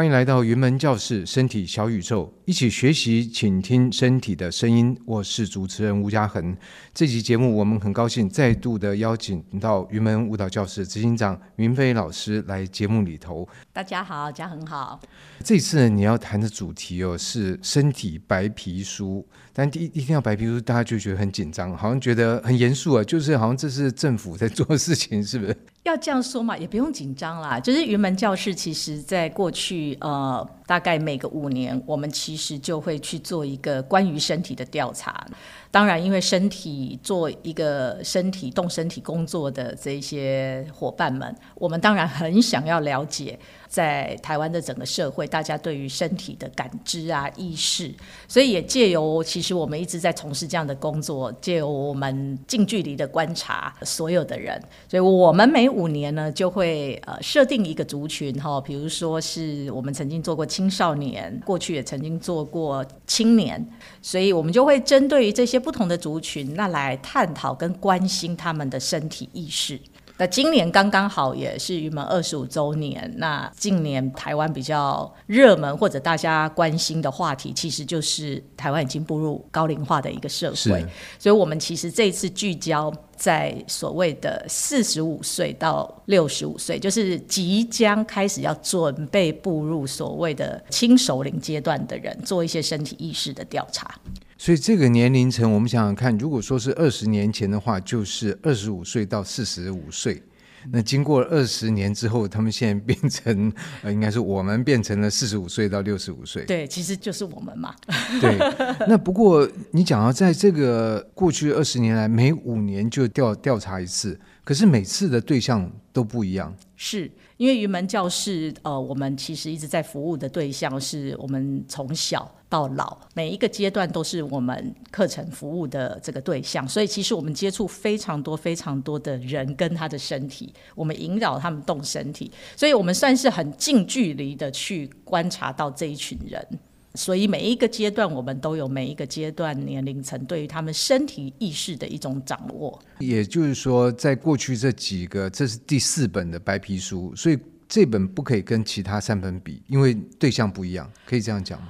歡迎來到雲門教室，身體小宇宙，一起學習，請聽身體的聲音。我是主持人吳家恆。這集節目，我們很高興再度的邀請到雲門舞蹈教室執行長明霏老師來節目裡頭。大家好，家恆好。這次你要談的主題哦，是身體白皮書。但第一一聽白皮書，大家就覺得很緊張，好像覺得很嚴肅啊，就是好像這是政府在做的事情，是不是？要這樣說嘛，也不用緊張啦。就是雲門教室，其實在過去，呃。大概每隔五年，我們其實就會去做一個關於身體的調查。當然，因為身體做一個身體動身體工作的這些夥伴們，我們當然很想要了解在台灣的整個社會，大家對於身體的感知啊、意識。所以也借由其實我們一直在從事這樣的工作，借由我們近距離的觀察所有的人，所以我們每五年呢就會呃設定一個族群哈，比如說是我們曾經做過。青少年，過去也曾經做過青年，所以我們就會針對於這些不同的族群，那來探討跟關心他們的身體意識。那今年剛剛好也是雲門二十五週年。那近年台灣比較熱門或者大家關心的話題，其實就是台灣已經步入高齡化的一個社會。是所以我們其實這次聚焦在所謂的四十五歲到六十五歲，就是即將開始要準備步入所謂的輕熟齡階段的人，做一些身體意識的調查。所以這個年齡層，我們想想看，如果說是二十年前的話，就是二十五歲到四十五歲。那經過二十年之後，他們現在變成，呃，應該是我們變成了四十五歲到六十五歲。對，其實就是我們嘛。 對，那不過你講要、啊，在這個過去二十年來，每五年就調調查一次，可是每次的對象都不一樣。是。因為雲門教室，呃，我們其實一直在服務的對象是我們從小到老，每一個階段都是我們課程服務的這個對象，所以其實我們接觸非常多非常多的人跟他的身體，我們引導他們動身體，所以我們算是很近距離的去觀察到這一群人。所以每一個階段，我們都有每一個階段年齡層對於他們身體意識的一種掌握。也就是說，在過去這幾個，這是第四本的白皮書，所以這本不可以跟其他三本比，因為對象不一樣，可以這樣講嗎？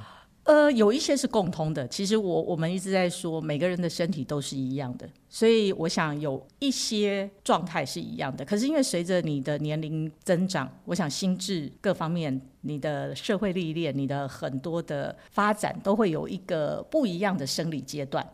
呃，有一些是共通的。其實我我們一直在說，每個人的身體都是一樣的，所以我想有一些狀態是一樣的。可是因為隨着你的年齡增長，我想心智各方面、你的社會歷練、你的很多的發展，都會有一個不一樣的生理階段，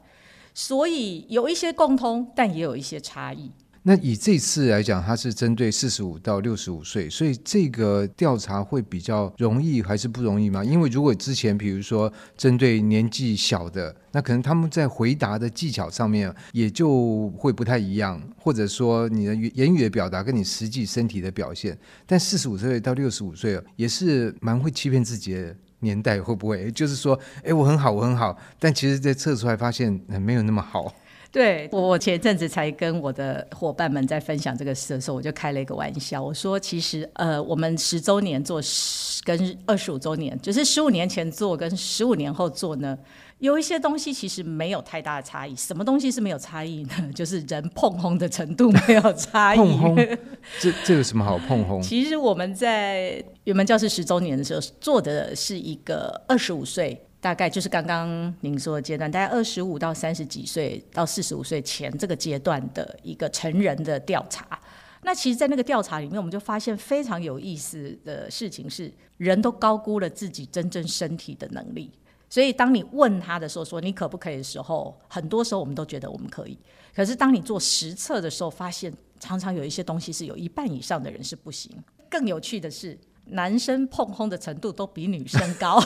所以有一些共通，但也有一些差異。那以這一次來講，它是針對四十五到六十五歲，所以這個調查會比較容易還是不容易嗎？因為如果之前比如說針對年紀小的，那可能他們在回答的技巧上面，也就會不太一樣，或者說你的言語的表達跟你實際身體的表現。但四十五歲到六十五歲也是蠻會欺騙自己的年代，會不會？就是說，誒，我很好，我很好，但其實在測出來發現沒有那麼好。對我，我前一陣子才跟我的夥伴們在分享這個事的時候，我就開了一個玩笑，我說其實呃，我們十週年做十跟二十五週年，就是十五年前做跟十五年後做呢，有一些東西其實沒有太大的差異。什麼東西是沒有差異呢？就是人碰紅的程度沒有差異。碰紅。碰 這這有什麼好碰紅？其實我們在雲門教室十週年的時候做的是一個二十五歲。大概就是剛剛您說的階段，大概二十五到三十幾歲到四十五歲前這個階段的一個成人的調查。那其實，在那個調查裡面，我們就發現非常有意思的事情是，人都高估了自己真正身體的能力。所以，當你問他的時候，說你可不可以的時候，很多時候我們都覺得我們可以。可是，當你做實測的時候，發現常常有一些東西是有一半以上的人是不行。更有趣的是，男生膨風的程度都比女生高。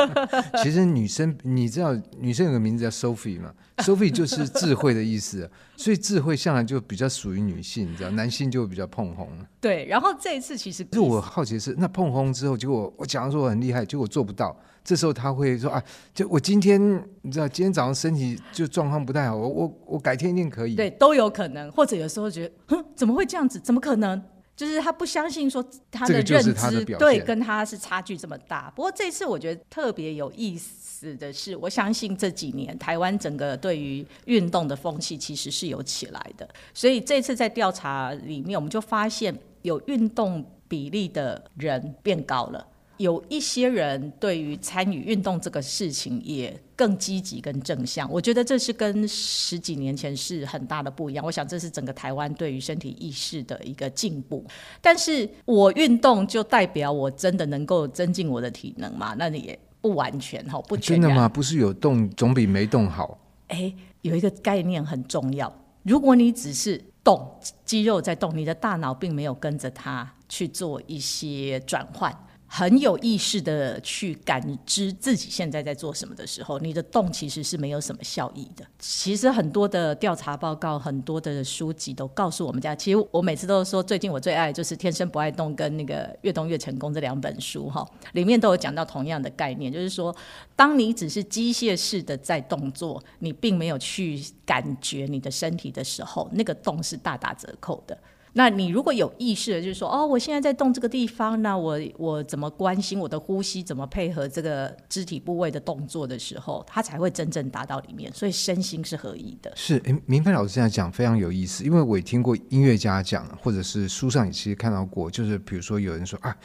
其實女生你知道，女生有個名字叫 Sophie 嘛 ，Sophie 就是智慧的意思，所以智慧向來就比較屬於女性，你知道，男性就比較膨風。對，然後這一次其實，就我好奇的是，那膨風之後，結果我講說我很厲害，結果做不到，這時候他會說啊，就我今天你知道，今天早上身體就狀況不太好，我我我改天一定可以。對，都有可能，或者有時候覺得，哼，怎麼會這樣子？怎麼可能？就是他不相信說他的認知對跟他是差距這麼大。不過這次我覺得特別有意思的是，我相信這幾年台灣整個對於運動的風氣其實是有起來的，所以這次在調查裡面，我們就發現有運動比例的人變高了。有一些人對於參與運動這個事情也更積極跟正向，我覺得這是跟十幾年前是很大的不一樣。我想這是整個台灣對於身體意識的一個進步。但是我運動就代表我真的能夠增進我的體能嘛？那你也不完全哈，不全、啊、真的嗎？不是有動總比沒動好。誒，有一個概念很重要，如果你只是動，肌肉在動，你的大腦並沒有跟着它去做一些轉換。很有意識的去感知自己現在在做什麼的時候，你的動其實是沒有什麼效益的。其實很多的調查報告、很多的書籍都告訴我們家，其實我每次都說，最近我最愛就是《天生不愛動》跟那個《越動越成功》這兩本書哈，裡面都有講到同樣的概念，就是說，當你只是機械式的在動作，你並沒有去感覺你的身體的時候，那個動是大打折扣的。那你如果有意識，就是說哦，我現在在動這個地方，那我我怎麼關心我的呼吸，怎麼配合這個肢體部位的動作的時候，它才會真正達到裡面。所以身心是合一的。是，哎，明霏老師這樣講非常有意思，因為我也聽過音樂家講，或者是書上也其實看到過，就是比如說有人說啊，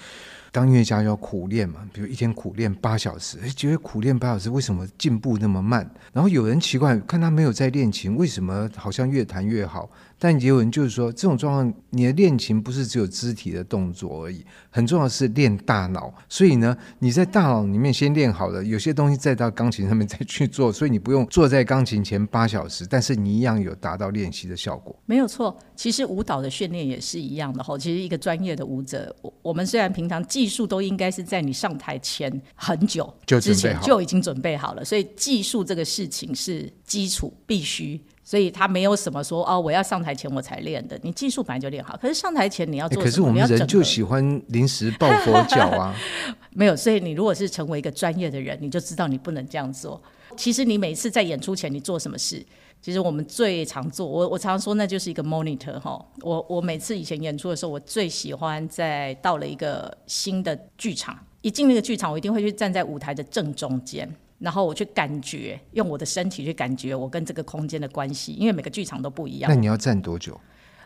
當音樂家要苦練嘛，比如一天苦練八小時，哎，覺得苦練八小時為什麼進步那麼慢？然後有人奇怪，看他沒有在練琴，為什麼好像越彈越好？但也有人就是說，這種狀況，你的練琴不是只有肢體的動作而已，很重要的是練大腦。所以呢，你在大腦裡面先練好了，有些東西再到鋼琴上面再去做，所以你不用坐在鋼琴前八小時，但是你一樣有達到練習的效果。沒有錯，其實舞蹈的訓練也是一樣的吼、哦，其實一個專業的舞者，我我們雖然平常技術都應該是在你上台前很久之前就，就已經準備好了，所以技術這個事情是基礎必須。所以他沒有什麼說哦，我要上台前我才練的，你技術本來就練好。可是上台前你要做什麼？欸，可是我們人就喜歡臨時抱佛腳啊。 沒有，所以你如果是成為一個專業的人，你就知道你不能這樣做。其實你每次在演出前你做什麼事，其實我們最常做，我我常說那就是一個 monitor 哈。我我每次以前演出的時候，我最喜歡在到了一個新的劇場，一進那個劇場，我一定會去站在舞台的正中間。然後我去感覺，用我的身體去感覺我跟這個空間的關係，因為每個劇場都不一樣。那你要站多久？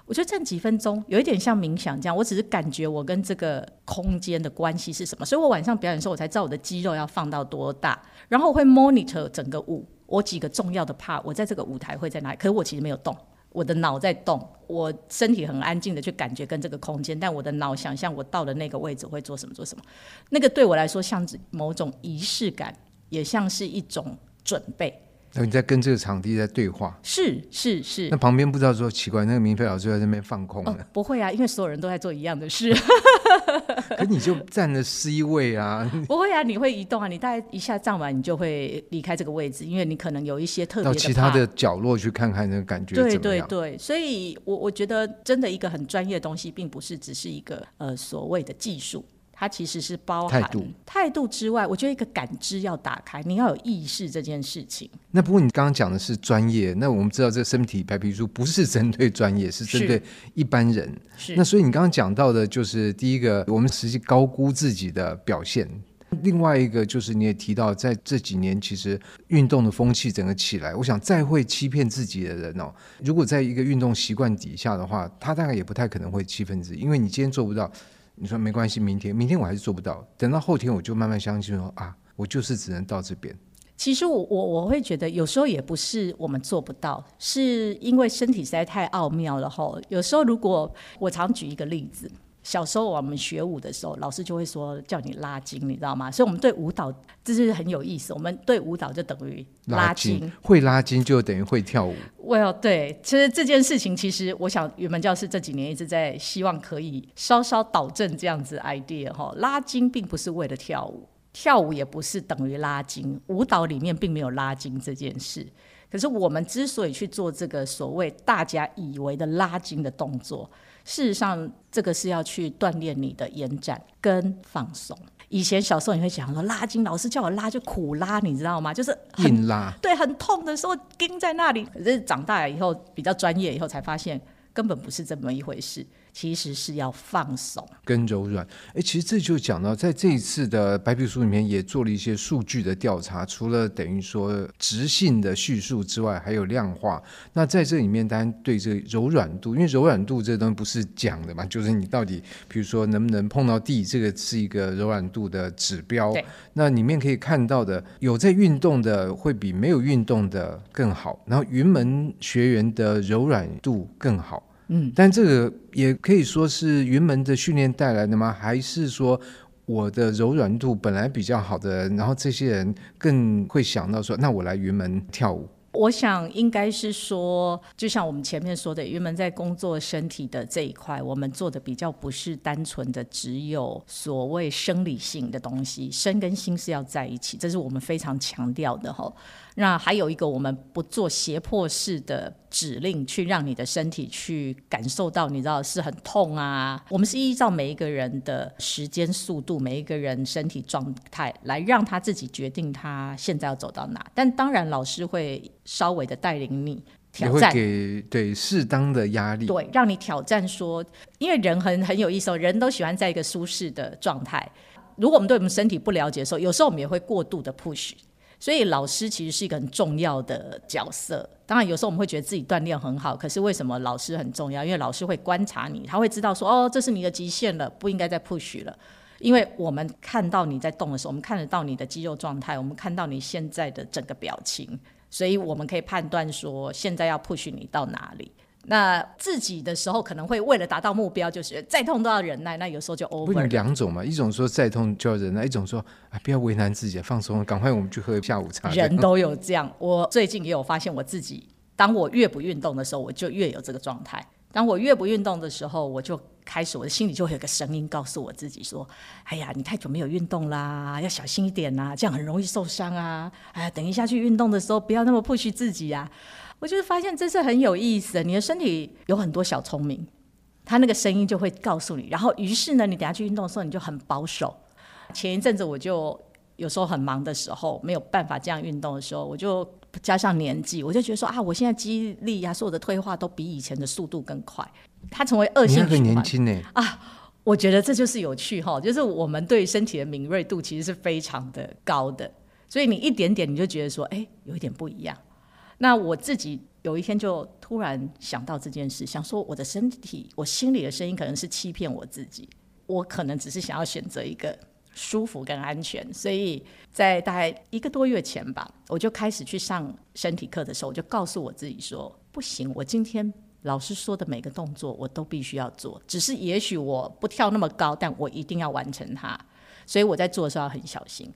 我就站幾分鐘，有一點像冥想這樣。我只是感覺我跟這個空間的關係是什麼，所以我晚上表演的時候，我才知道我的肌肉要放到多大，然後我會 monitor 整個舞，我幾個重要的 part，我在這個舞台會在哪裡？可是我其實沒有動，我的腦在動，我身體很安靜的去感覺跟這個空間，但我的腦想象我到了那個位置會做什麼做什麼。那個對我來說像某種儀式感。也像是一種準備。你在跟這個場地在對話？是是是。是是，那旁邊不知道說奇怪，那個明霏老師在那邊放空了、呃。不會啊，因為所有人都在做一樣的事。 可你就站了 C 位啊？不會啊，你會移動啊，你大概一下站完，你就會離開這個位置，因為你可能有一些特別的。到其他的角落去看看，那個感覺怎麼樣？對對對，所以我，我我覺得，真的一個很專業的東西，並不是只是一個呃所謂的技術。它其實是包含態度，態度之外，我覺得一個感知要打開，你要有意識這件事情。那不過你剛剛講的是專業，那我們知道這個身體白皮書不是針對專業，是針對一般人。是，那所以你剛剛講到的就是第一個，我們實際高估自己的表現；是另外一個就是你也提到，在這幾年其實運動的風氣整個起來，我想再會欺騙自己的人哦，如果在一個運動習慣底下的話，他大概也不太可能會欺騙自己，因為你今天做不到，你說沒關係，明天明天我還是做不到，等到後天我就慢慢相信說啊，我就是只能到這邊。其實我我我會覺得有時候也不是我們做不到，是因為身體實在太奧妙了吼，有時候如果，我常舉一個例子。小時候我們學舞的時候，老師就會說叫你拉筋，你知道嗎？所以，我們對舞蹈這是很有意思。我們對舞蹈就等於拉，拉筋，會拉筋就等於會跳舞。Well，對，其實這件事情，其實我想，雲門教室這幾年一直在希望可以稍稍導正這樣子的 idea 哈，拉筋並不是為了跳舞，跳舞也不是等於拉筋，舞蹈裡面並沒有拉筋這件事。可是我們之所以去做這個所謂大家以為的拉筋的動作。事實上，這個是要去鍛鍊你的延展跟放鬆。以前小時候也會講說拉筋，老師叫我拉就苦拉，你知道嗎？就是很硬拉，對，很痛的時候釘在那裡。可是長大了以後比較專業以後才發現，根本不是這麼一回事。其實是要放鬆跟柔軟，哎、欸，其實這就講到在這一次的白皮書裡面也做了一些數據的調查，除了等於說質性的敘述之外，還有量化。那在這裡面，當然對這個柔軟度，因為柔軟度這東西，不是講的嘛，就是你到底比如說能不能碰到地，這個是一個柔軟度的指標。對那裡面可以看到的，有在運動的會比沒有運動的更好，然後雲門學員的柔軟度更好。嗯，但這個也可以說是雲門的訓練帶來的嗎？還是說我的柔軟度本來比較好的，然後這些人更會想到說，那我來雲門跳舞？我想應該是說，就像我們前面說的，雲門在工作身體的這一塊，我們做的比較不是單純的只有所謂生理性的東西，身跟心是要在一起，這是我們非常強調的哈。那還有一個，我們不做脅迫式的指令，去讓你的身體去感受到，你知道是很痛啊。我們是依照每一個人的時間速度、每一個人身體狀態來讓他自己決定他現在要走到哪。但當然，老師會稍微的帶領你挑戰，也會給對適當的壓力，對，讓你挑戰說，因為人很很有意思哦，人都喜歡在一個舒適的狀態。如果我們對我們身體不了解的時候，有時候我們也會過度的 push。所以老師其實是一個很重要的角色。當然，有時候我們會覺得自己鍛鍊很好，可是為什麼老師很重要？因為老師會觀察你，他會知道說，哦，這是你的極限了，不應該再 push 了。因為我們看到你在動的時候，我們看得到你的肌肉狀態，我們看到你現在的整個表情，所以我們可以判斷說，現在要 push 你到哪裡。那自己的時候，可能會為了達到目標，就是再痛都要忍耐。那有時候就 over。不有兩種嘛？一種說再痛就要忍耐，一種說啊，不要為難自己，放鬆，趕快我們去喝下午茶。人都有這樣。我最近也有發現我自己，當我越不運動的時候，我就越有這個狀態。當我越不運動的時候，我就開始我的心裡就會有個聲音告訴我自己說：“哎呀，你太久沒有運動啦，要小心一點啦、啊，這樣很容易受傷啊！哎呀，等一下去運動的時候，不要那麼 push 自己啊。我就是發現，真是很有意思的。你的身體有很多小聰明，他那個聲音就會告訴你。然後，於是呢，你等下去運動的時候，你就很保守。前一陣子我就有時候很忙的時候，沒有辦法這樣運動的時候，我就加上年紀，我就覺得說啊，我現在肌力啊，所有的退化都比以前的速度更快。他成為惡性循環。你年輕啊！我覺得這就是有趣哈、哦，就是我們對身體的敏銳度其實是非常的高的，所以你一點點你就覺得說，哎，有一點不一樣。那我自己有一天就突然想到這件事，想說我的身體，我心裡的聲音可能是欺騙我自己，我可能只是想要選擇一個舒服跟安全。所以在大概一個多月前吧，我就開始去上身體課的時候，我就告訴我自己說：不行，我今天老師說的每個動作我都必須要做，只是也許我不跳那麼高，但我一定要完成它。所以我在做的時候要很小心。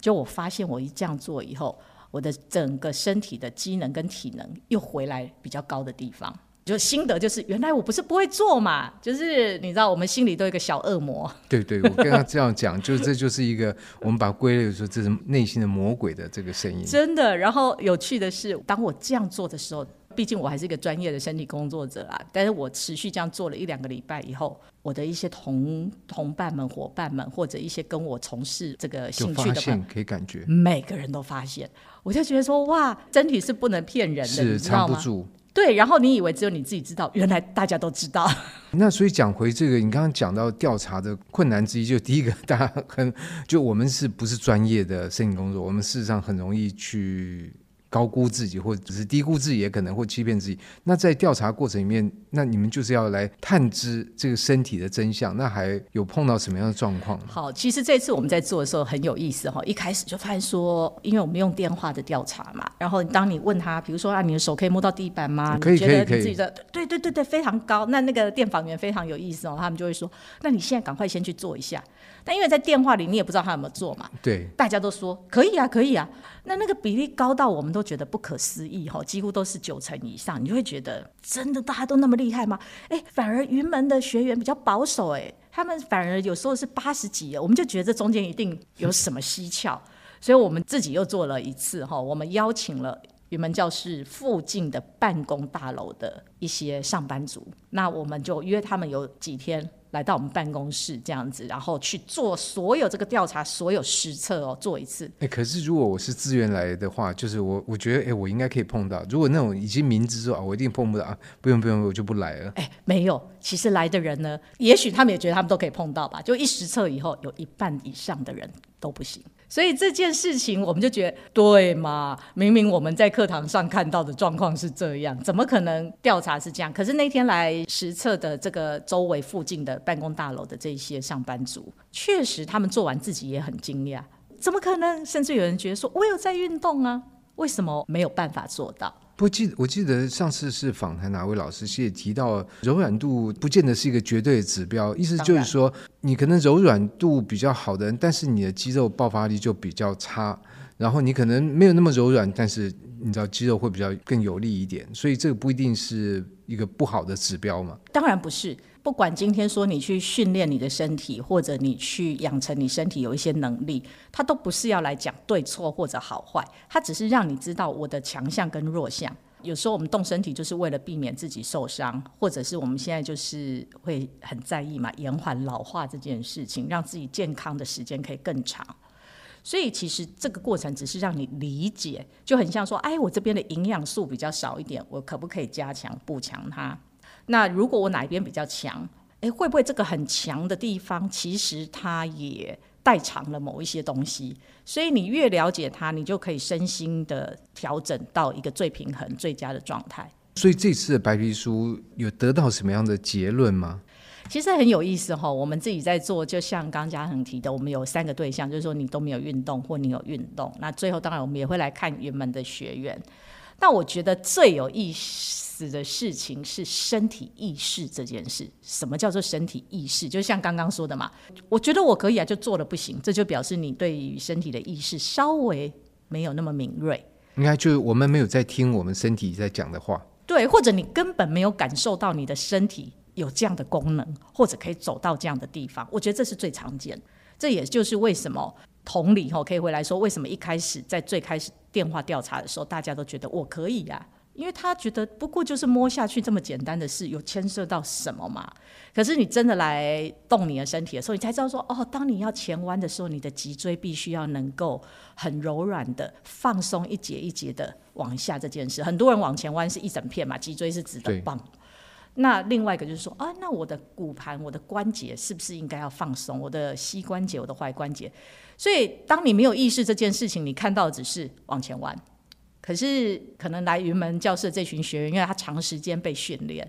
就我發現我一這樣做以後，我的整個身體的機能跟體能又回來比較高的地方，就心得就是原來我不是不會做嘛，就是你知道我們心裡都有個小惡魔。對對，我跟他這樣講， 就是這就是一個我們把歸類說這是內心的魔鬼的這個聲音。 真的，然後有趣的是，當我這樣做的時候，畢竟我還是一個專業的身體工作者啊，但是我持續這樣做了一兩個禮拜以後，我的一些同同伴們、夥伴們，或者一些跟我從事這個興趣的，可以感覺每個人都發現，我就覺得說哇，身體是不能騙人的，是藏不住。對，然後你以為只有你自己知道，原來大家都知道。那所以講回這個，你剛剛講到調查的困難之一，就第一個，大家很就我們是不是專業的身體工作，我們事實上很容易去。高估自己，或者只是低估自己，也可能會欺騙自己。那在調查過程裡面，那你們就是要來探知這個身體的真相。那還有碰到什麼樣的狀況？好，其實這次我們在做的時候很有意思哈。一開始就發現說，因為我們用電話的調查嘛，然後當你問他，比如說啊，你的手可以摸到地板嗎？可以，你覺得自己的，可以，可以。對，對，對，對，非常高。那那個電訪員非常有意思哦，他們就會說，那你現在趕快先去做一下。但因為在電話裡，你也不知道他有沒有做嘛。對，大家都說可以啊，可以啊。那那個比例高到我們都覺得不可思議哈，幾乎都是九成以上，你就會覺得真的大家都那麼厲害嗎？哎、欸，反而雲門的學員比較保守哎、欸，他們反而有時候是八十幾，我們就覺得這中間一定有什麼蹊蹺，嗯、所以我們自己又做了一次哈。我們邀請了雲門教室附近的辦公大樓的一些上班族，那我們就約他們有幾天。來到我們辦公室這樣子，然後去做所有這個調查，所有實測哦，做一次。哎、欸，可是如果我是自願來的話，就是我我覺得，哎、欸，我應該可以碰到。如果那種已經明知說啊，我一定碰不到啊，不用不用，我就不來了。哎、欸，沒有，其實來的人呢，也許他們也覺得他們都可以碰到吧。就一實測以後，有一半以上的人都不行。所以這件事情，我們就覺得，對嘛？明明我們在課堂上看到的狀況是這樣，怎麼可能調查是這樣？可是那天來實測的這個周圍附近的。辦公大樓的這些上班族，確實他們做完自己也很驚訝，怎麼可能？甚至有人覺得說：“我有在運動啊，為什麼沒有辦法做到？”不記得，我記得上次是訪談哪、啊、位老師，是也提到柔軟度不見得是一個絕對的指標，意思就是說，你可能柔軟度比較好的人，但是你的肌肉爆發力就比較差；然後你可能沒有那麼柔軟，但是你知道肌肉會比較更有力一點，所以這個不一定是一個不好的指標嘛？當然不是。不管今天說你去訓練你的身體，或者你去養成你身體有一些能力，它都不是要來講對錯或者好壞，它只是讓你知道我的強項跟弱項。有時候我們動身體就是為了避免自己受傷，或者是我們現在就是會很在意嘛，延緩老化這件事情，讓自己健康的時間可以更長。所以其實這個過程只是讓你理解，就很像說，哎，我這邊的營養素比較少一點，我可不可以加強補強它？那如果我哪一邊比較強，誒、欸，會不會這個很強的地方，其實它也代償了某一些東西？所以你越了解它，你就可以身心的調整到一個最平衡、最佳的狀態。所以這次的白皮書有得到什麼樣的結論嗎？其實很有意思哈、哦，我們自己在做，就像剛嘉恆提的，我們有三個對象，就是說你都沒有運動，或你有運動，那最後當然我們也會來看雲門的學員。但我覺得最有意思的事情是身體意識這件事。什麼叫做身體意識？就像剛剛說的嘛，我覺得我可以啊，就做的不行，這就表示你對於身體的意識稍微沒有那麼敏銳。應該就是我們沒有在聽我們身體在講的話。對，或者你根本沒有感受到你的身體有這樣的功能，或者可以走到這樣的地方。我覺得這是最常見。這也就是為什麼。同理哈，可以回來說，為什麼一開始在最開始電話調查的時候，大家都覺得我可以呀？啊？因為他覺得不過就是摸下去這麼簡單的事，有牽涉到什麼嘛？可是你真的來動你的身體的時候，你才知道說，哦，當你要前彎的時候，你的脊椎必須要能夠很柔軟的放鬆一節一節的往下。這件事，很多人往前彎是一整片嘛，脊椎是直的棒。對 那另外一個就是說，啊，那我的骨盆、我的關節是不是應該要放鬆？我的膝關節、我的踝關節。所以，當你沒有意識這件事情，你看到的只是往前彎。可是，可能來雲門教室這群學員，因為他長時間被訓練，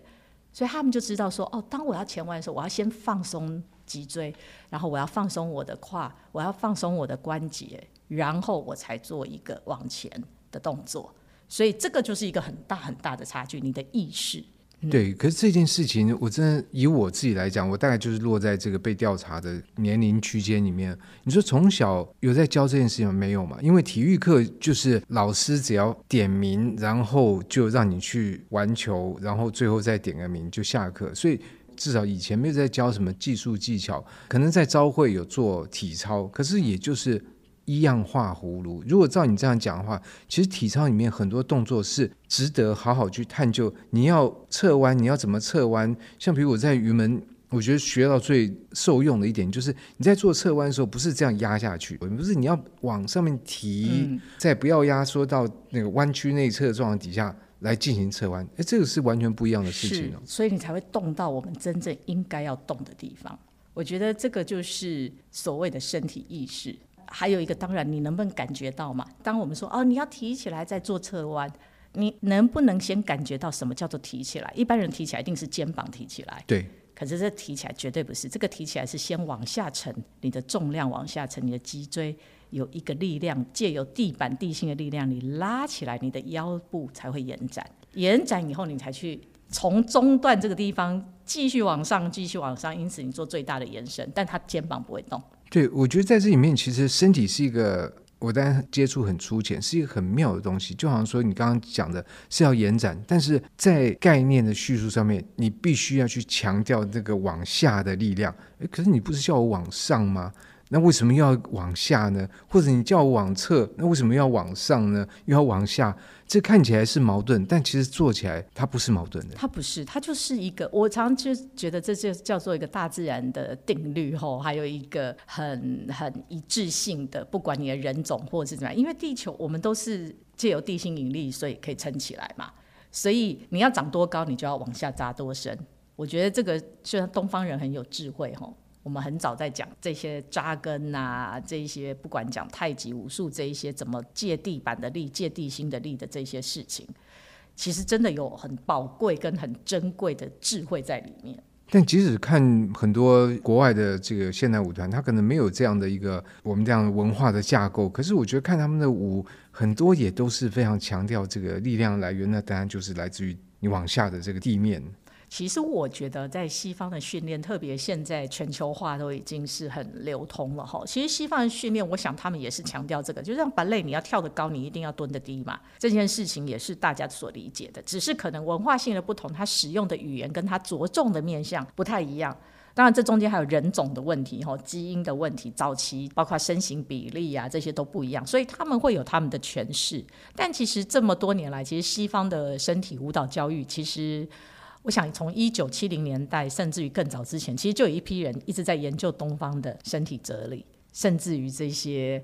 所以他們就知道說：哦，當我要前彎的時候，我要先放鬆脊椎，然後我要放鬆我的胯，我要放鬆我的關節，然後我才做一個往前的動作。所以，這個就是一個很大很大的差距，你的意識。對，可是這件事情，我真的以我自己來講，我大概就是落在這個被調查的年齡區間裡面。你說從小有在教這件事情沒有嘛？因為體育課就是老師只要點名，然後就讓你去玩球，然後最後再點個名就下課。所以至少以前沒有在教什麼技術技巧，可能在朝會有做體操，可是也就是。一樣畫葫蘆。如果照你這樣講的話，其實體操裡面很多動作是值得好好去探究。你要側彎，你要怎麼側彎？像比如我在雲門，我覺得學到最受用的一點就是，你在做側彎的時候不是這樣壓下去，不是你要往上面提，在、嗯、不要壓縮到那個彎曲內側的狀態底下來進行側彎，哎、欸，這個是完全不一樣的事情哦。所以你才會動到我們真正應該要動的地方。我覺得這個就是所謂的身體意識。還有一個，當然你能不能感覺到嘛？當我們說哦，你要提起來再做側彎，你能不能先感覺到什麼叫做提起來？一般人提起來一定是肩膀提起來，對。可是這提起來絕對不是，這個提起來是先往下沉，你的重量往下沉，你的脊椎有一個力量，借由地板、地心的力量，你拉起來，你的腰部才會延展。延展以後，你才去從中段這個地方繼續往上，繼續往上，因此你做最大的延伸，但他肩膀不會動。對，我覺得在這裡面，其實身體是一個我當然接觸很粗淺，是一個很妙的東西。就好像說你剛剛講的是要延展，但是在概念的敘述上面，你必須要去強調這個往下的力量。誒，可是你不是叫我往上嗎？那為什麼又要往下呢？或者你叫我往側，那為什麼要往上呢？又要往下。這看起來是矛盾，但其實做起來它不是矛盾的。它不是，它就是一個，我常常就覺得這就叫做一個大自然的定律吼，還有一個很很一致性的，不管你的人種或是怎麼樣，因為地球我們都是借由地心引力，所以可以撐起來嘛。所以你要長多高，你就要往下扎多深。我覺得這個雖然東方人很有智慧吼。我們很早在講這些扎根吶、啊，這些不管講太極武術這，這一些怎麼借地板的力、借地心的力的這些事情，其實真的有很寶貴跟很珍貴的智慧在裡面。但即使看很多國外的這個現代舞團，他可能沒有這樣的一個我們這樣文化的架構，可是我覺得看他們的舞，很多也都是非常強調這個力量來源，那當然就是來自於你往下的這個地面。其實我覺得，在西方的訓練，特別現在全球化都已經是很流通了哈。其實西方的訓練，我想他們也是強調這個，就像芭蕾你要跳得高，你一定要蹲得低嘛。這件事情也是大家所理解的，只是可能文化性的不同，他使用的語言跟他着重的面向不太一樣。當然，這中間還有人種的問題哈，基因的問題，早期包括身形比例啊這些都不一樣，所以他們會有他們的詮釋。但其實這麼多年來，其實西方的身體舞蹈教育其實。我想從一九七零年代，甚至於更早之前，其實就有一批人一直在研究東方的身體哲理，甚至於這些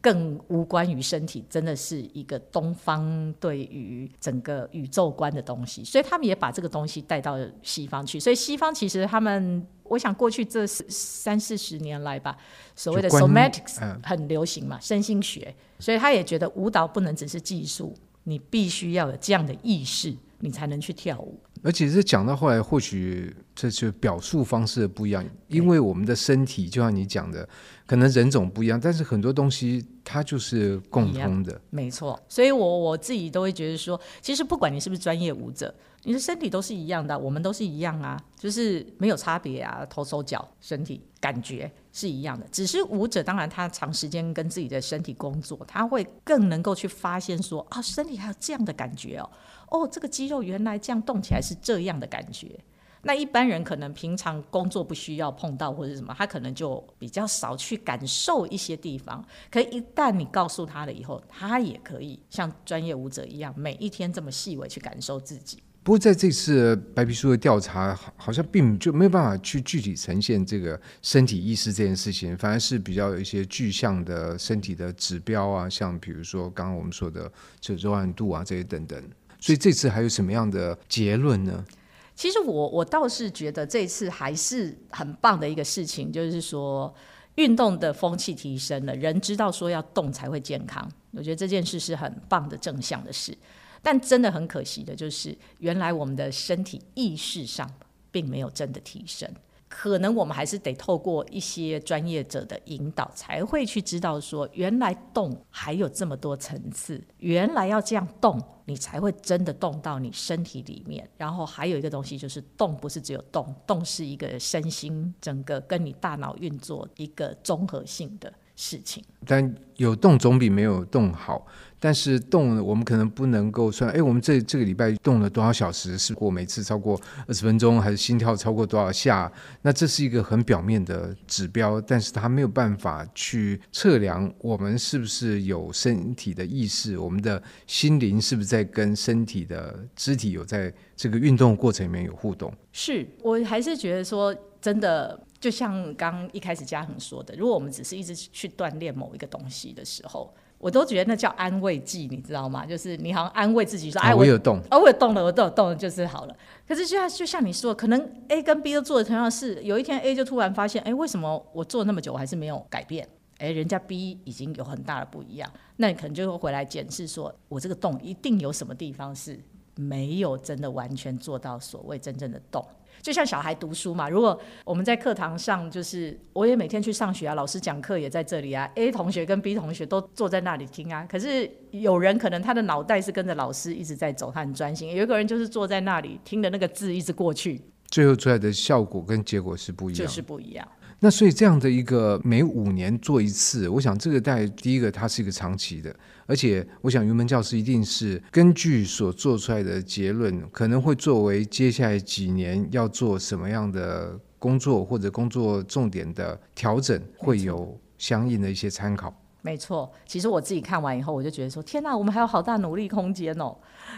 更無關於身體，真的是一個東方對於整個宇宙觀的東西。所以他們也把這個東西帶到西方去。所以西方其實他們，我想過去這三四十年來吧，所謂的 somatics 很流行嘛，呃、身心學。所以他也覺得舞蹈不能只是技術，你必須要有這樣的意識，你才能去跳舞。而且是講到後來，或許這就表述方式不一樣。Okay. 因為我們的身體就像你講的，可能人種不一樣，但是很多東西它就是共通的。沒錯，所以我，我我自己都會覺得說，其實不管你是不是專業舞者，你的身體都是一樣的，我們都是一樣啊，就是沒有差別啊，頭、手、腳、身體感覺是一樣的。只是舞者，當然他長時間跟自己的身體工作，他會更能夠去發現說，啊，身體還有這樣的感覺哦。哦，這個肌肉原來這樣動起來是這樣的感覺。那一般人可能平常工作不需要碰到或者什麼，他可能就比較少去感受一些地方。可一旦你告訴他了以後，他也可以像專業舞者一樣，每一天這麼細微去感受自己。不過在這次白皮書的調查，好像並就沒有辦法去具體呈現這個身體意識這件事情，反而是比較有一些具象的身體的指標啊，像比如說剛剛我們說的這柔軟度啊這些等等。所以這次還有什麼樣的結論呢？其實我我倒是覺得這次還是很棒的一個事情，就是說運動的風氣提升了，人知道說要動才會健康。我覺得這件事是很棒的正向的事，但真的很可惜的就是，原來我們的身體意識上並沒有真的提升。可能我們還是得透過一些專業者的引導，才會去知道說，原來動還有這麼多層次，原來要這樣動，你才會真的動到你身體裡面。然後還有一個東西就是動，動不是只有動，動是一個身心，整個跟你大腦運作一個綜合性的事情，但有動總比沒有動好。但是動，我們可能不能夠算。哎，我們這這個禮拜動了多少小時？試過每次超過二十分鐘？還是心跳超過多少下？那這是一個很表面的指標，但是他沒有辦法去測量我們是不是有身體的意識，我們的心靈是不是在跟身體的肢體有在這個運動過程裡面有互動？是我還是覺得說真的。就像剛一開始嘉恆說的，如果我們只是一直去鍛鍊某一個東西的時候，我都覺得那叫安慰劑，你知道嗎？就是你好像安慰自己說：“啊、我也有動。哎，我有動，哦，我有動了，我都有動了，就是好了。”可是就像就像你說，可能 A 跟 B 都做了同樣的事，有一天 A 就突然發現：“哎，為什麼我做那麼久我還是沒有改變？哎，人家 B 已經有很大的不一樣。”那你可能就會回來檢視說：“我這個動一定有什麼地方是沒有真的完全做到所謂真正的動。”就像小孩讀書嘛，如果我們在課堂上，就是我也每天去上學啊，老師講課也在這裡啊，A 同學跟 B 同學都坐在那裡聽啊，可是有人可能他的腦袋是跟着老師一直在走，他很專心；有一個人就是坐在那裡，聽的那個字一直過去，最後出來的效果跟結果是不一樣的，就是不一樣。那所以這樣的一個每五年做一次，我想這個帶第一個它是一個長期的，而且我想雲門教室一定是根據所做出來的結論，可能會作為接下來幾年要做什麼樣的工作或者工作重點的調整，會有相應的一些參考。沒錯，其實我自己看完以後，我就覺得說：天哪，我們還有好大努力空間哦。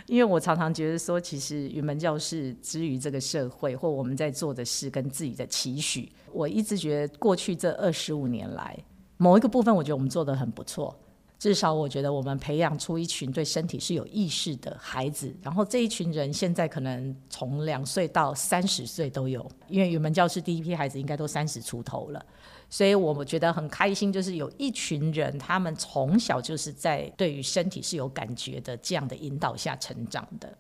因為我常常覺得說，其實雲門教室之於這個社會，或我們在做的事跟自己的期許，我一直覺得過去這二十五年來，某一個部分，我覺得我們做得很不錯。至少我覺得我們培養出一群對身體是有意識的孩子，然後這一群人現在可能從兩歲到三十歲都有，因為雲門教室第一批孩子應該都三十出頭了。所以我覺得很開心，就是有一群人，他們從小就是在對於身體是有感覺的這樣的引導下成長的。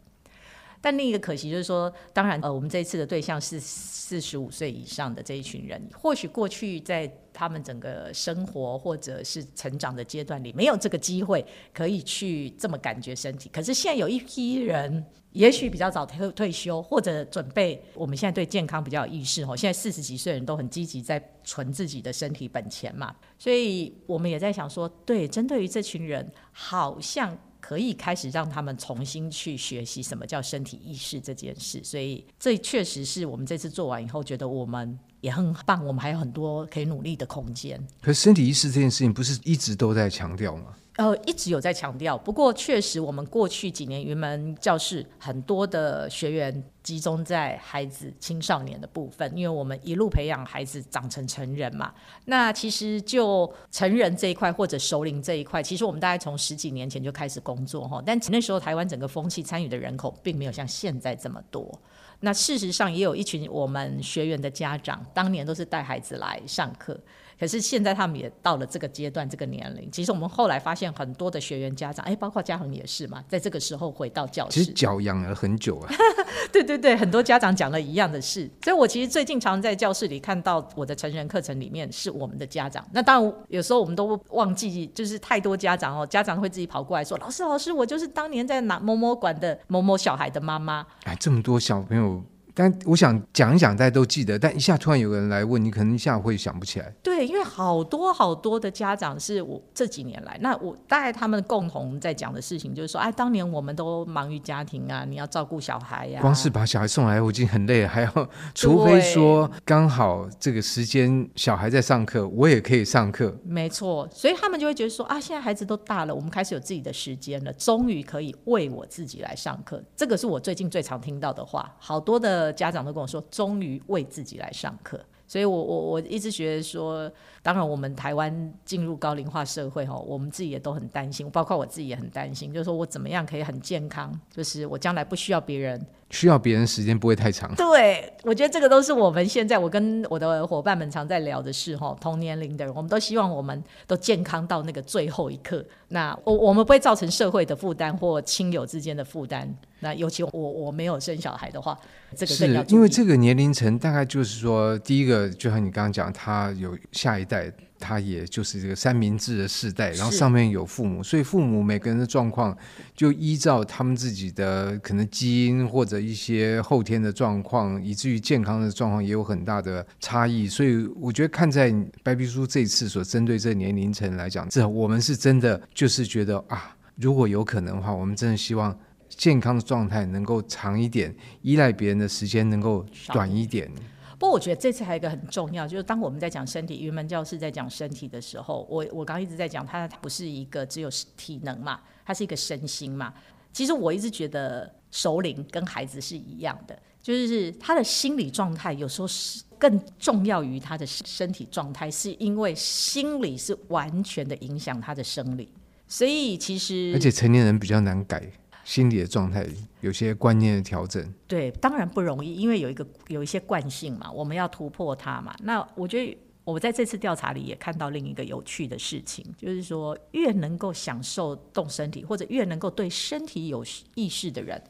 但另一個可惜就是說，當然呃，我們這一次的對象是四十五歲以上的這一群人，或許過去在，他們整個生活或者是成長的階段裡，沒有這個機會可以去這麼感覺身體。可是現在有一批人，也許比較早退退休，或者準備，我們現在對健康比較有意識吼，現在四十幾歲人都很積極在存自己的身體本錢嘛，所以我們也在想說，對，針對於這群人，好像可以開始讓他們重新去學習什麼叫身體意識這件事。所以這確實是我們這次做完以後覺得我們。也很棒，我們還有很多可以努力的空間。可是身體意識這件事情不是一直都在強調嗎？呃，一直有在強調。不過確實，我們過去幾年雲門教室很多的學員集中在孩子、青少年的部分，因為我們一路培養孩子長成成人嘛。那其實就成人這一塊或者熟齡這一塊，其實我們大概從十幾年前就開始工作哈。但那時候台灣整個風氣參與的人口並沒有像現在這麼多。那事實上也有一群我們學員的家長，當年都是帶孩子來上課。可是現在他們也到了這個階段，這個年齡。其實我們後來發現很多的學員家長，哎，包括嘉恆也是嘛，在這個時候回到教室，其實教養了很久啊。 對對對，很多家長講了一樣的事，所以我其實最近常在教室裡看到我的成人課程裡面是我們的家長。那當然有時候我們都忘記，就是太多家長哦，家長會自己跑過來說：“老師老師，我就是當年在哪某某館的某某小孩的媽媽。”哎，這麼多小朋友。但我想講一講，大家都記得。但一下突然有個人來問你，可能一下會想不起來。對，因為好多好多的家長是我這幾年來，那我大概他們共同在講的事情就是說，哎、啊，當年我們都忙於家庭啊，你要照顧小孩呀、啊，光是把小孩送來我已經很累了，還要對除非說剛好這個時間小孩在上課，我也可以上課。沒錯，所以他們就會覺得說啊，現在孩子都大了，我們開始有自己的時間了，終於可以為我自己來上課。這個是我最近最常聽到的話，好多的。家長都跟我說，終於為自己來上課，所以我我我一直覺得說。當然，我們台灣進入高齡化社會哈，我們自己也都很擔心，包括我自己也很擔心，就是說我怎麼樣可以很健康，就是我將來不需要別人，需要別人時間不會太長。對，我覺得這個都是我們現在我跟我的夥伴們常在聊的事哈。同年齡的人，我們都希望我們都健康到那個最後一刻。那我我們不會造成社會的負擔或親友之間的負擔。那尤其我我沒有生小孩的話，這個是因為這個年齡層大概就是說，第一個就像你剛剛講，他有下一代。他也就是這個三明治的世代，然後上面有父母，是所以父母每個人的狀況，就依照他們自己的可能基因或者一些後天的狀況，以至於健康的狀況也有很大的差異。所以我覺得，看在白皮書這次所針對這年齡層來講，這我們是真的就是覺得啊，如果有可能的話，我們真的希望健康的狀態能夠長一點，依賴別人的時間能夠短一點。不過我覺得這次還有一個很重要，就是當我們在講身體，雲門教室在講身體的時候，我我剛剛一直在講，它不是一個只有體能嘛，它是一個身心嘛。其實我一直覺得熟齡跟孩子是一樣的，就是他的心理狀態有時候是更重要於他的身體狀態，是因為心理是完全的影響他的生理。所以其實而且成年人比較難改。心理的狀態有些觀念的調整，對，當然不容易，因為有一個有一些慣性嘛，我們要突破它嘛。那我覺得我在這次調查裡也看到另一個有趣的事情，就是說越能夠享受動身體，或者越能夠對身體有意識的人，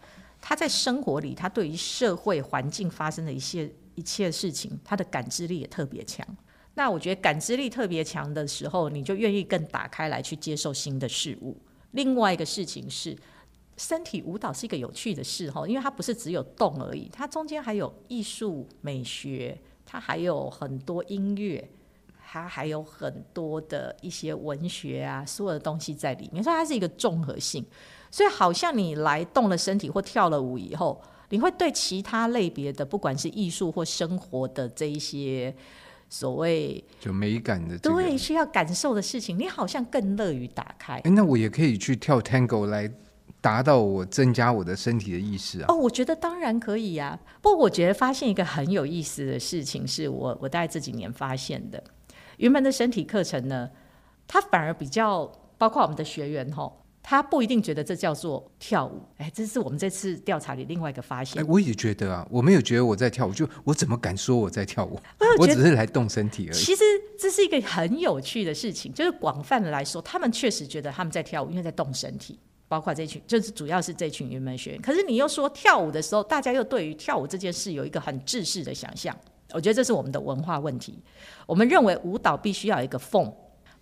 他在生活裡，他對於社會環境發生的一些一切事情，他的感知力也特別強。那我覺得感知力特別強的時候，你就願意更打開來去接受新的事物。另外一個事情是。身體舞蹈是一個有趣的事，因為它不是只有動而已，它中間還有藝術美學，它還有很多音樂，它還有很多的一些文學啊，所有的東西在裡面，所以它是一個綜合性。所以好像你來動了身體或跳了舞以後，你會對其他類別的，不管是藝術或生活的這一些所謂就美感的，對需要感受的事情，你好像更樂於打開、這個欸。那我也可以去跳 tango 來。達到我增加我的身體的意識啊！哦，我覺得當然可以呀、啊。不過，我覺得發現一個很有意思的事情，是我我大概這幾年發現的。原本的身體課程呢，它反而比較包括我們的學員吼，他不一定覺得這叫做跳舞。哎、欸，這是我們這次調查裡另外一個發現、欸。我也覺得啊，我沒有覺得我在跳舞，就我怎麼敢說我在跳舞？我，我只是來動身體而已。其實這是一個很有趣的事情，就是廣泛的來說，他們確實覺得他們在跳舞，因為在動身體。包括這群，就是主要是這群雲門學員。可是你又說跳舞的時候，大家又對於跳舞這件事有一個很制式的想象。我覺得這是我們的文化問題。我們認為舞蹈必須要有一個 form，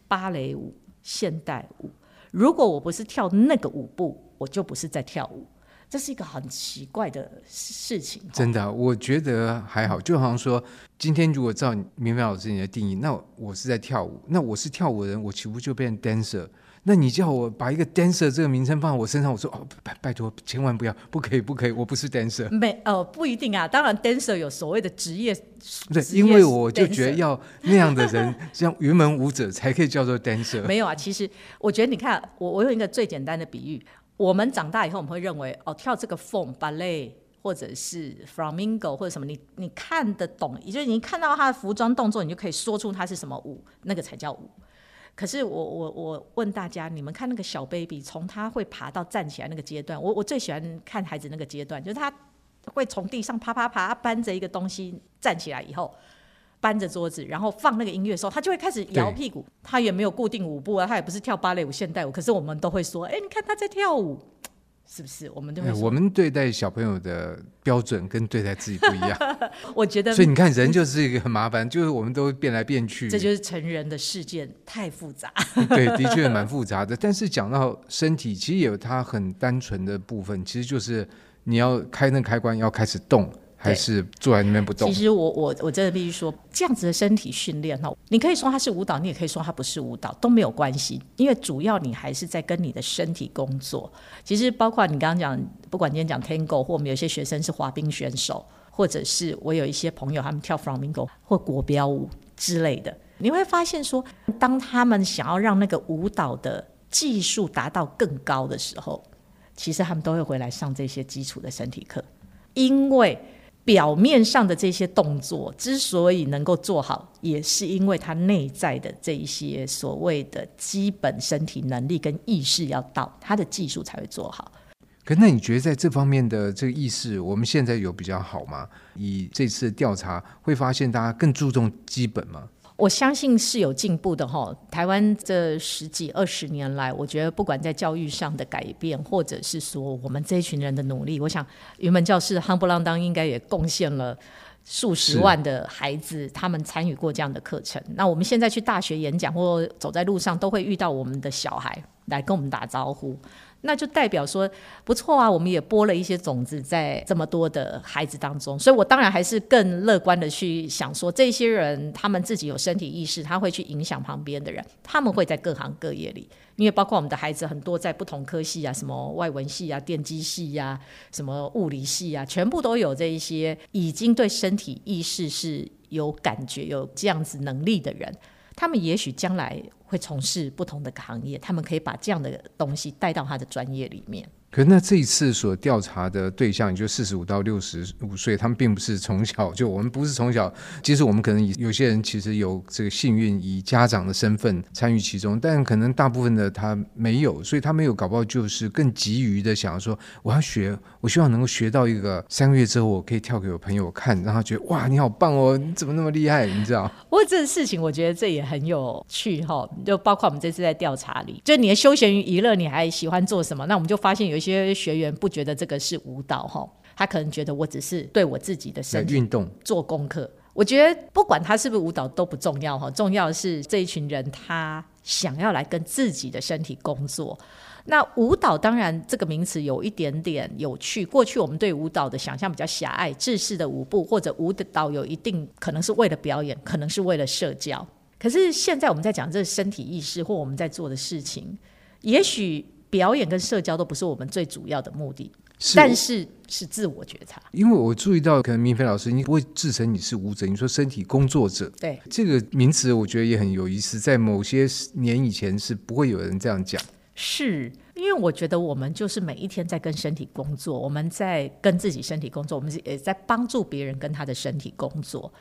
芭蕾舞、現代舞。如果我不是跳那個舞步，我就不是在跳舞。這是一個很奇怪的事情。真的、啊，哦、我覺得還好。就好像說，今天如果照明霏老師你的定義，那我是在跳舞，那我是跳舞的人，我豈不就變 dancer？那你叫我把一個 dancer 這個名稱放在我身上，我說哦拜拜託，千萬不要，不可以，不可以，我不是 dancer。沒哦、呃，不一定啊，當然 dancer 有所謂的職業，職業對，因為我就覺得要那樣的人，像雲門舞者才可以叫做 dancer。 沒有啊，其實我覺得你看，我我用一個最簡單的比喻，我們長大以後我們會認為，哦跳這個風 ballet 或者是 flamenco 或者什麼，你你看得懂，也就是你看到他的服裝動作，你就可以說出他是什麼舞，那個才叫舞。可是我我我問大家，你們看那個小 baby 從他會爬到站起來那個階段，我我最喜歡看孩子那個階段，就是他會從地上爬爬爬搬着一個東西站起來以後，搬着桌子，然後放那個音樂的時候，他就會開始搖屁股。對他也沒有固定舞步啊，他也不是跳芭蕾舞、現代舞，可是我們都會說，哎、欸，你看他在跳舞。是不是，我們都會、欸？我們對待小朋友的標準跟對待自己不一樣。 我覺得，所以你看，人就是一個很麻煩，就是我們都會變來變去。 這就是成人的世界太複雜。 對，的確蠻複雜的。但是講到身體，其實也有它很單純的部分，其實就是你要開那個開關，要開始動。還是坐在那邊不動。其實我我我真的必須說，這樣子的身體訓練哦，你可以說它是舞蹈，你也可以說它不是舞蹈，都沒有關係，因為主要你還是在跟你的身體工作。其實包括你剛剛講，不管今天講 Tango 或我們有些學生是滑冰選手，或者是我有一些朋友他們跳 Flamenco 或國標舞之類的，你會發現說，當他們想要讓那個舞蹈的技術達到更高的時候，其實他們都會回來上這些基礎的身體課，因為。表面上的這些動作之所以能夠做好，也是因為他內在的這一些所謂的基本身體能力、跟意識要到，他的技術才會做好。可那你覺得在這方面的這個意識，我們現在有比較好嗎？以這次調查會發現，大家更注重基本嗎？我相信是有進步的吼，台灣這十幾二十年來，我覺得不管在教育上的改變，或者是說我們這一群人的努力，我想雲門教室夯不啷噹應該也貢獻了數十萬的孩子，是他們參與過這樣的課程。那我們現在去大學演講，或走在路上，都會遇到我們的小孩來跟我們打招呼。那就代表說不錯啊，我們也播了一些種子在這麼多的孩子當中，所以我當然還是更樂觀的去想說，這些人他們自己有身體意識，他會去影響旁邊的人，他們會在各行各業裡，因為包括我們的孩子很多在不同科系啊，什麼外文系啊、電機系呀、啊、什麼物理系啊，全部都有這一些已經對身體意識是有感覺、有這樣子能力的人。他們也許將來會從事不同的行業，他們可以把這樣的東西帶到他的專業裡面。可是那這一次所調查的對象，也就四十五到六十五歲，他們並不是從小就我們不是從小，其實我們可能有些人其實有這個幸運，以家長的身份參與其中，但可能大部分的他沒有，所以他沒有搞不好就是更急於的想要說，我要學，我希望能夠學到一個三個月之後，我可以跳給我朋友看，讓他覺得哇，你好棒哦，你怎麼那麼厲害？你知道？不過這個事情我覺得這也很有趣哈，哦，就包括我們這次在調查裡，就你的休閒娛樂，你還喜歡做什麼？那我們就發現有些。些學員不覺得這個是舞蹈哈，他可能覺得我只是對我自己的身體運動做功課。我覺得不管他是不是舞蹈都不重要哈，重要的是這一群人他想要來跟自己的身體工作。那舞蹈當然這個名詞有一點點有趣，過去我們對舞蹈的想象比較狹隘，制式的舞步或者舞蹈有一定可能是為了表演，可能是為了社交。可是現在我們在講這個身體意識或我們在做的事情，也許。表演跟社交都不是我們最主要的目的，是但是是自我覺察。因為我注意到，可能明霏老師，你會自稱你是舞者，你說身體工作者，對這個名詞，我覺得也很有意思。在某些年以前是不會有人這樣講，是因為我覺得我們就是每一天在跟身體工作，我們在跟自己身體工作，我們是也在幫助別人跟他的身體工作。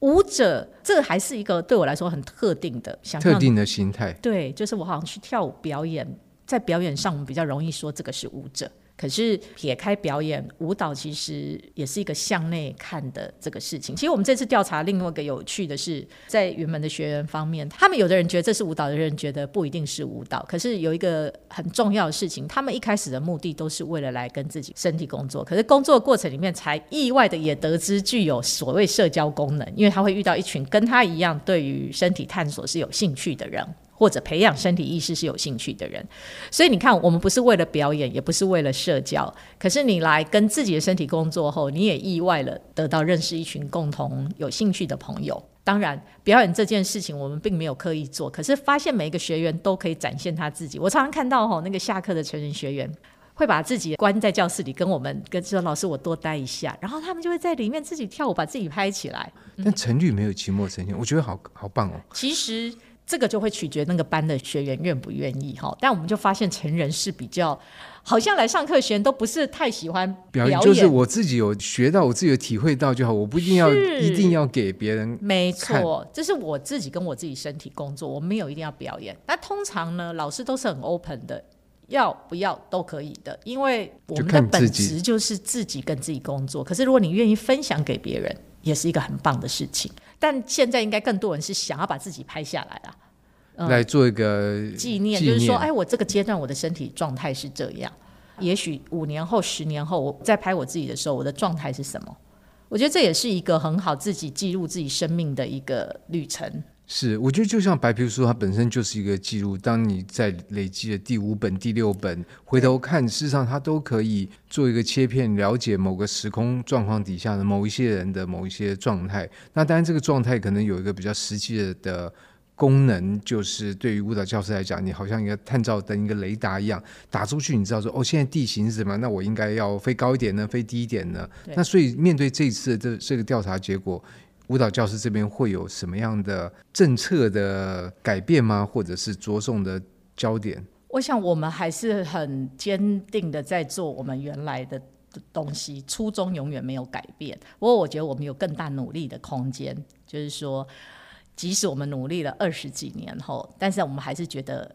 舞者這個還是一個對我來說很特定的，特定的心態。對，就是我好像去跳舞表演。在表演上，我們比較容易說這個是舞者。可是撇開表演，舞蹈其實也是一個向內看的這個事情。其實我們這次調查另外一個有趣的是，在雲門的學員方面，他們有的人覺得這是舞蹈，有的人覺得不一定是舞蹈。可是有一個很重要的事情，他們一開始的目的都是為了來跟自己身體工作，可是工作過程裡面才意外的也得知具有所謂社交功能，因為他會遇到一群跟他一樣對於身體探索是有興趣的人。或者培養身體意識是有興趣的人，所以你看，我們不是為了表演，也不是為了社交。可是你來跟自己的身體工作後，你也意外了，得到認識一群共同有興趣的朋友。當然，表演這件事情我們並沒有刻意做，可是發現每一個學員都可以展現他自己。我常常看到哈、哦，那個下課的成人學員會把自己關在教室裡，跟我們跟說，老師我多待一下，然後他們就會在裡面自己跳舞，把自己拍起來。但陳律沒有期末成績，我覺得好好棒哦。其實。這個就會取決那個班的學員願不願意哈，但我們就發現成人是比較，好像來上課學員都不是太喜歡表演，表演就是我自己有學到，我自己有體會到就好，我不一定要是一定要給別人。沒錯，這是我自己跟我自己身體工作，我沒有一定要表演。但通常呢，老師都是很 open 的，要不要都可以的，因為我們的本職就是自己跟自己工作。可是如果你願意分享給別人。也是一個很棒的事情，但現在應該更多人是想要把自己拍下來了，啊，嗯、來做一個紀念，念就是說，哎，我這個階段我的身體狀態是這樣，也許五年後、十年後，我在拍我自己的時候，我的狀態是什麼？我覺得這也是一個很好自己記錄自己生命的一個旅程。是，我覺得就像白皮書，書，它本身就是一個記錄。當你在累積的第五本、第六本回頭看，事實上它都可以做一個切片，了解某個時空狀況底下的某一些人的某一些狀態。那當然，這個狀態可能有一個比較實際的功能，就是對於舞蹈教室來講，你好像一個探照燈、一個雷達一樣打出去，你知道說，哦，現在地形是什麼？那我應該要飛高一點呢，飛低一點呢？對那所以面對這一次的這個調查結果，舞蹈教室這邊會有什麼樣的政策的改變嗎？或者是着重的焦點？我想我們還是很堅定的在做我們原來的東西，初衷永遠沒有改變。不過，我覺得我們有更大努力的空間，就是說，即使我們努力了二十幾年後，但是我們還是覺得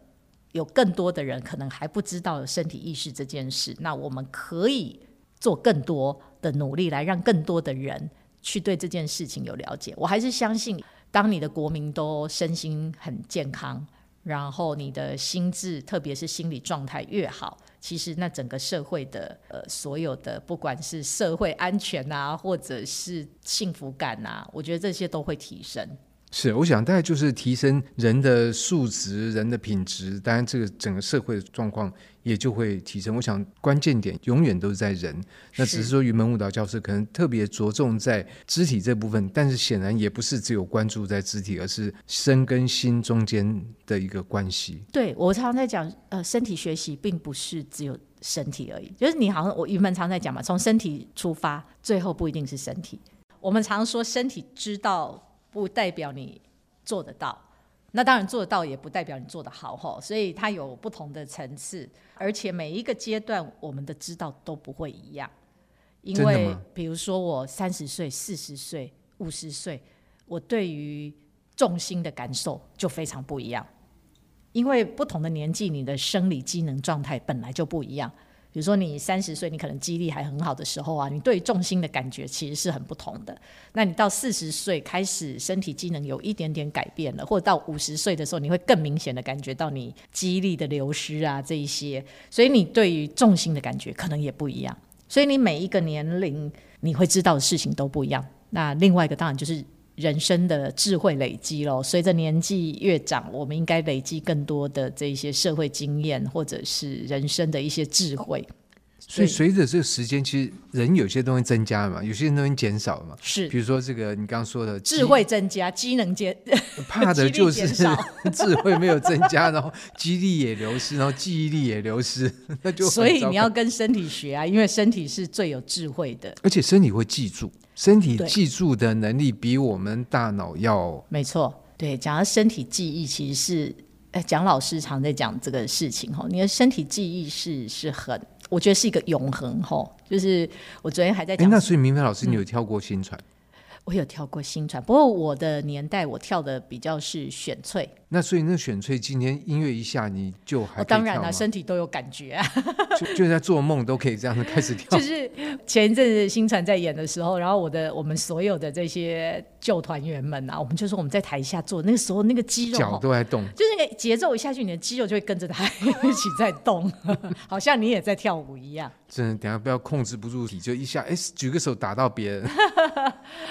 有更多的人可能還不知道有身體意識這件事。那我們可以做更多的努力，來讓更多的人。去對這件事情有了解，我還是相信，當你的國民都身心很健康，然後你的心智，特別是心理狀態越好，其實那整個社會的呃所有的，不管是社會安全啊，或者是幸福感啊，我覺得這些都會提升。是，我想大概就是提升人的素質、人的品質，當然這個整個社會的狀況。也就會提升。我想關鍵點永遠都是在人，那只是說雲門舞蹈教室可能特別着重在肢體這部分，但是顯然也不是只有關注在肢體，而是身跟心中間的一個關係。對，我常常在講，呃，身體學習並不是只有身體而已，就是你好像我雲門常在講嘛，從身體出發，最後不一定是身體。我們常常說身體知道，不代表你做得到。那當然做得到，也不代表你做得好吼。所以它有不同的層次，而且每一個階段我們的知道都不會一樣，因為比如說我三十歲、四十歲、五十歲，我對於重心的感受就非常不一樣，因為不同的年紀，你的生理機能狀態本來就不一樣。比如說，你三十歲，你可能肌力還很好的時候啊，你對於重心的感覺其實是很不同的。那你到四十歲開始，身體機能有一點點改變了，或者到五十歲的時候，你會更明顯的感覺到你肌力的流失啊，這一些，所以你對於重心的感覺可能也不一樣。所以你每一個年齡，你會知道的事情都不一樣。那另外一個當然就是。人生的智慧累積嘍，隨着年紀越長，我們應該累積更多的這一些社會經驗，或者是人生的一些智慧。所以隨着這個時間，其實人有些東西增加嘛，有些東西減少嘛。是，比如說這個你剛剛說的智慧增加，機能減，怕的就是智慧沒有增加， 然後肌力，也流失，然後記憶力也流失，那就所以你要跟身體學啊，因為身體是最有智慧的，而且身體會記住。身體記住的能力比我們大腦要沒錯，對。講到身體記憶，其實是哎，蔣、欸、老師常在講這個事情哈。你的身體記憶是是很，我覺得是一個永恆哈。就是我昨天還在講、欸，那所以明霏老師，你有跳過薪傳？嗯我有跳過《薪傳》，不過我的年代，我跳的比較是選粹。那所以那個選粹今天音樂一下，你就還可以跳、哦、當然了，身體都有感覺啊， 就，就在做夢都可以這樣子開始跳。就是前一陣子《薪傳》在演的時候，然後我的我們所有的這些舊團員們啊，我們就說我們在台下坐，那個時候那個肌肉腳、喔、都在動，就是那個節奏一下去，你的肌肉就會跟着它一起在動， 好像你也在跳舞一樣。真的，等下不要控制不住，你就一下哎、欸、舉個手打到別人。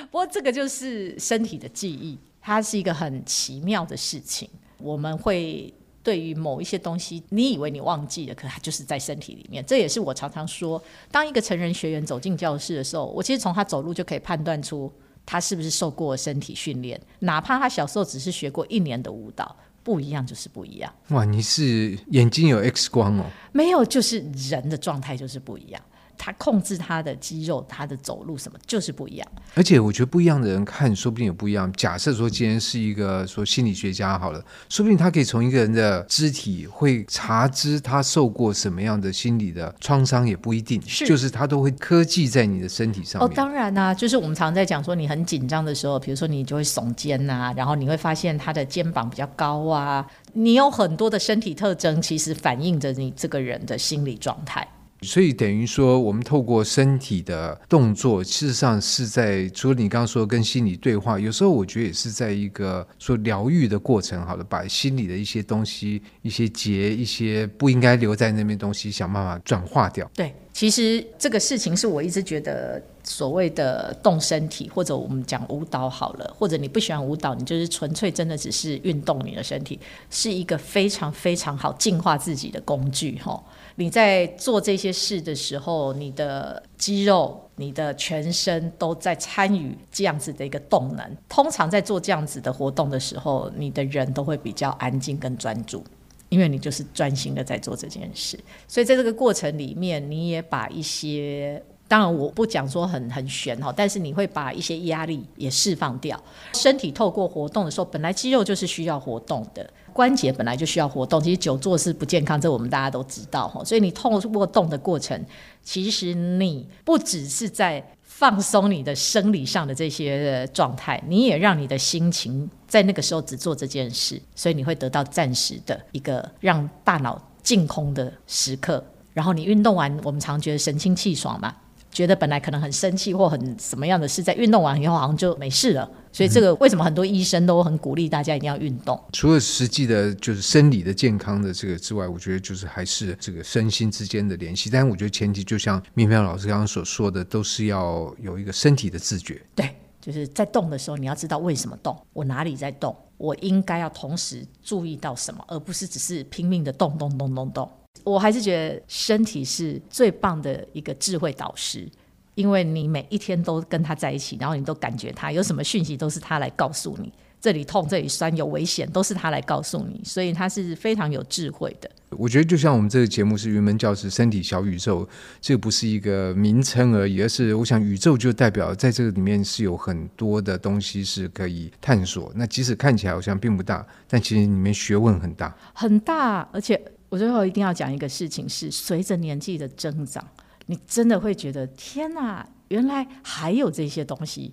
不。 這個就是身體的記憶，它是一個很奇妙的事情。我們會對於某一些東西，你以為你忘記了，可它就是在身體裡面。這也是我常常說，當一個成人學員走進教室的時候，我其實從他走路就可以判斷出他是不是受過身體訓練。哪怕他小時候只是學過一年的舞蹈，不一樣就是不一樣。哇，你是眼睛有 X 光哦？沒有，就是人的狀態就是不一樣。他控制他的肌肉，他的走路什麼就是不一樣。而且我覺得不一樣的人看，說不定也不一樣。假設說今天是一個說心理學家好了，說不定他可以從一個人的肢體會察知他受過什麼樣的心理的創傷，也不一定。是，就是他都會科技在你的身體上面。哦，當然啦、啊，就是我們常在講說你很緊張的時候，比如說你就會聳肩吶、啊，然後你會發現他的肩膀比較高啊，你有很多的身體特徵，其實反映着你這個人的心理狀態。所以等於說，我們透過身體的動作，事實上是在除了你剛剛說跟心理對話，有時候我覺得也是在一個說療癒的過程。好了，把心裡的一些東西、一些結、一些不應該留在那邊的東西，想辦法轉化掉。對，其實這個事情是我一直覺得，所謂的動身體，或者我們講舞蹈好了，或者你不喜歡舞蹈，你就是純粹真的只是運動你的身體，是一個非常非常好淨化自己的工具哈。吼你在做這些事的時候，你的肌肉、你的全身都在參與這樣子的一個動能。通常在做這樣子的活動的時候，你的人都會比較安靜跟專注，因為你就是專心的在做這件事。所以在這個過程裡面，你也把一些……當然，我不講說很很玄哈，但是你會把一些壓力也釋放掉。身體透過活動的時候，本來肌肉就是需要活動的。關節本來就需要活動，其實久坐是不健康，這我們大家都知道。所以你透過動的過程，其實你不只是在放鬆你的生理上的這些狀態，你也讓你的心情在那個時候只做這件事，所以你會得到暫時的一個讓大腦淨空的時刻。然後你運動完，我們常覺得神清氣爽嘛。覺得本來可能很生氣或很什麼樣的事，在運動完以後好像就沒事了，所以這個為什麼很多醫生都很鼓勵大家一定要運動？嗯，除了實際的就是生理的健康的這個之外，我覺得就是還是這個身心之間的聯繫。但我覺得前提就像明霏老師剛剛所說的，都是要有一個身體的自覺。對，就是在動的時候，你要知道為什麼動，我哪裡在動，我應該要同時注意到什麼，而不是只是拼命的動動動動動。動動動動我還是覺得身體是最棒的一個智慧導師，因為你每一天都跟他在一起，然後你都感覺他有什麼訊息，都是他來告訴你。這裡痛，這裡酸，有危險，都是他來告訴你。所以他是非常有智慧的。我覺得就像我們這個節目是雲門教室身體小宇宙，這個不是一個名稱而已，而是我想宇宙就代表在這個裡面是有很多的東西是可以探索。那即使看起來好像並不大，但其實裡面學問很大，很大，而且。我最後一定要講一個事情是，隨着年紀的增長，你真的會覺得天哪、啊，原來還有這些東西，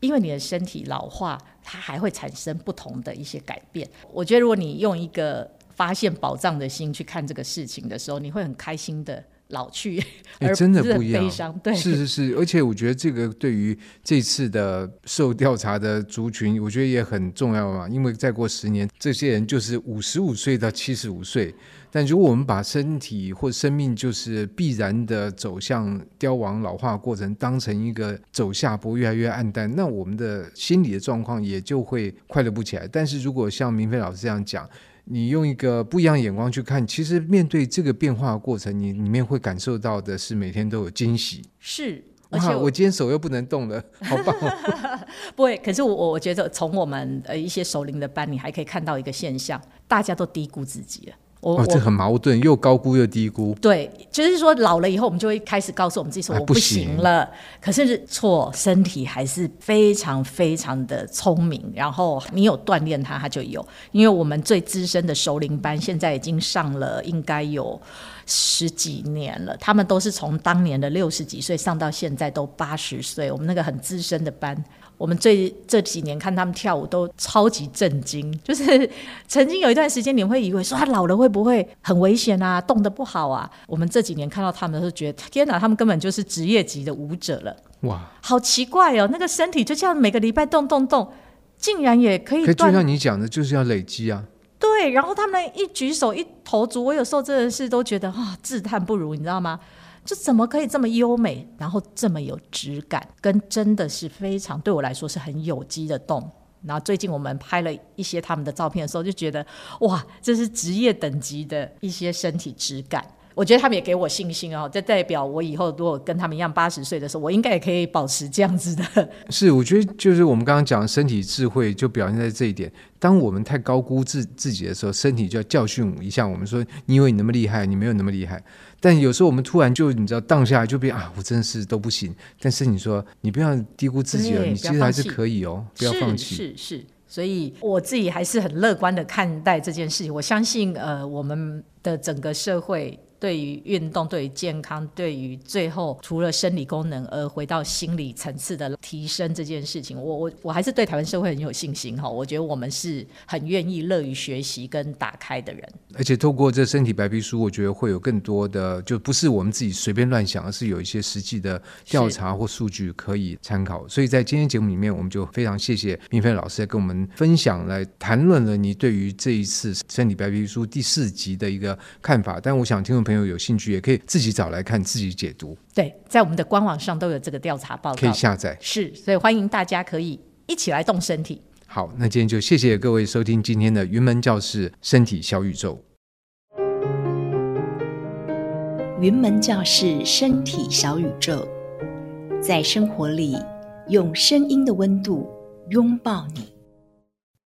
因為你的身體老化，它還會產生不同的一些改變。我覺得，如果你用一個發現寶藏的心去看這個事情的時候，你會很開心地老去，而、欸、真的不一樣。不是很悲傷，對，是是是。而且我覺得這個對於這次的受調查的族群，我覺得也很重要嘛，因為再過十年，這些人就是五十五歲到七十五歲。但如果我們把身體或生命就是必然的走向凋亡，老化過程當成一個走下坡，越來越暗淡，那我們的心理的狀況也就會快樂不起來。但是如果像明霏老師這樣講，你用一個不一樣的眼光去看，其實面對這個變化的過程，你裡面會感受到的是每天都有驚喜。是，而且我，我今天手又不能動了，好不好，哦？ 不會。可是我我覺得從我們呃一些熟齡的班，你還可以看到一個現象，大家都低估自己了。我哦，這很矛盾，又高估又低估。對，就是說老了以後，我們就會開始告訴我們自己說我不行了。行可是錯，身體還是非常非常的聰明。然後你有鍛鍊它，它就有。因為我們最資深的熟齡班現在已經上了應該有十幾年了，他們都是從當年的六十幾歲上到現在都八十歲。我們那個很資深的班。我們最這幾年看他們跳舞都超級震驚，就是曾經有一段時間，你會以為說他老了會不會很危險啊，動得不好啊。我們這幾年看到他們，是覺得天哪，他們根本就是職業級的舞者了。哇，好奇怪哦，那個身體就這樣每個禮拜動動動，竟然也可以。可以就像你講的，就是要累積啊。對，然後他們一舉手一投足，我有時候真的是都覺得啊、哦，自嘆不如，你知道嗎？就怎麼可以這麼優美，然後這麼有質感，跟真的是非常對我來說是很有機的動。然後最近我們拍了一些他們的照片的時候，就覺得哇，這是職業等級的一些身體質感。我覺得他們也給我信心哦，這代表我以後如果跟他們一樣八十歲的時候，我應該也可以保持這樣子的。是，我覺得就是我們剛剛講的身體智慧，就表現在這一點。當我們太高估自自己的時候，身體就要教訓一下我們，我們說你以為你那麼厲害，你沒有那麼厲害。但有時候我們突然就你知道盪下來就變啊，我真的是都不行。但是你說你不要低估自己了，你其實還是可以哦，不要放棄。是是是，所以我自己還是很樂觀的看待這件事情。我相信呃，我們的整個社會。對於運動、對於健康、對於最後除了生理功能而回到心理層次的提升這件事情，我我我還是對台灣社會很有信心哈。我覺得我們是很願意、樂於學習跟打開的人。而且透過這《身體白皮書》，我覺得會有更多的，就不是我們自己隨便亂想，而是有一些實際的調查或數據可以參考。是所以在今天節目裡面，我們就非常謝謝明霏老師來跟我們分享、來談論了你對於這一次《身體白皮書》第四集的一個看法。但我想聽眾朋友朋友有興趣也可以自己找來看，自己解讀。對，在我們的官網上都有這個調查報告可以下載。是，所以歡迎大家可以一起來動身體。好，那今天就謝謝各位收聽今天的雲門教室身體小宇宙。雲門教室身體小宇宙，在生活裡用聲音的溫度擁抱你。